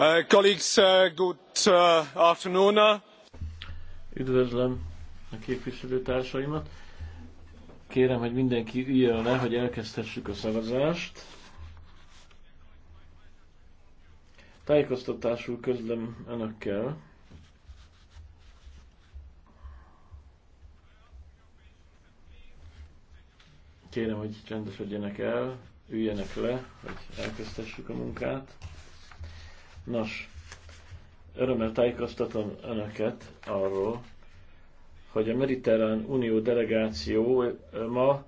Uh, uh, uh, Üdvözlöm a képviselőtársaimat. Kérem, hogy mindenki üljön le, hogy elkezdhessük a szavazást. Tájékoztatásul közlöm önökkel, kérem, hogy csendesedjenek el, üljenek le, hogy elkezdhessük a munkát. Nos, örömmel tájékoztatom Önöket arról, hogy a Mediterrán Unió delegáció ma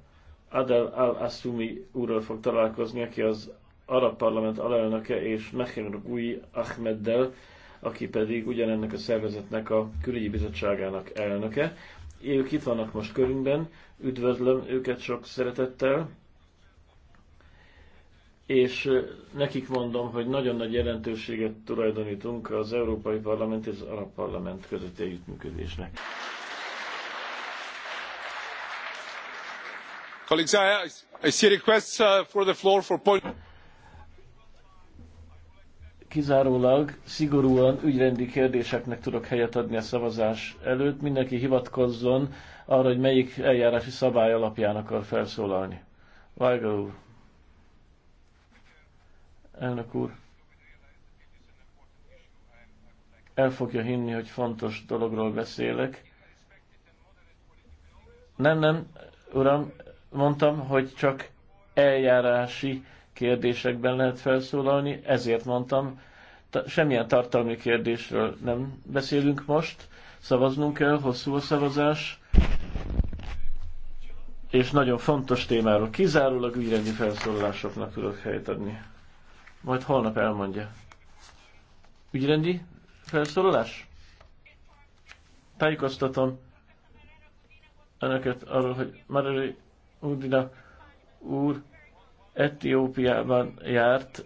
Adel al-Assumi úrral fog találkozni, aki az arab parlament alelnöke, és Mehmed Gui Ahmeddel, aki pedig ugyanennek a szervezetnek a külügyi bizottságának elnöke. Ők itt vannak most körünkben, üdvözlöm őket sok szeretettel, és nekik mondom, hogy nagyon nagy jelentőséget tulajdonítunk az Európai Parlament és az Arab Parlament közötti együttműködésnek. requests uh, for the floor for point. Kizárólag szigorúan ügyrendi kérdéseknek tudok helyet adni a szavazás előtt. Mindenki hivatkozzon arra, hogy melyik eljárási szabály alapján akar felszólalni. Vágyó. úr elnök úr. El fogja hinni, hogy fontos dologról beszélek. Nem, nem, uram, mondtam, hogy csak eljárási kérdésekben lehet felszólalni, ezért mondtam, semmilyen tartalmi kérdésről nem beszélünk most, szavaznunk kell, hosszú a szavazás, és nagyon fontos témáról kizárólag ügyrendi felszólalásoknak tudok helyet adni. Majd holnap elmondja. Ügyrendi felszólalás? Tájékoztatom önöket arról, hogy Marari Udina úr Etiópiában járt.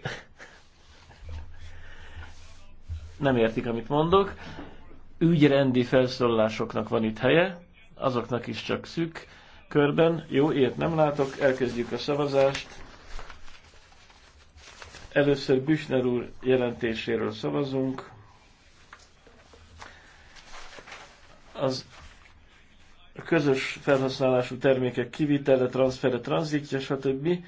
Nem értik, amit mondok. Ügyrendi felszólalásoknak van itt helye, azoknak is csak szűk körben. Jó, ilyet nem látok, elkezdjük a szavazást. Először Büchner úr jelentéséről szavazunk. Az közös felhasználású termékek kivitele, transfere, tranzitja, stb.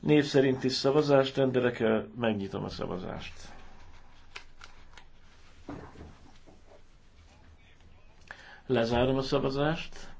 Név szerinti szavazást rendelek el, megnyitom a szavazást. Lezárom a szavazást.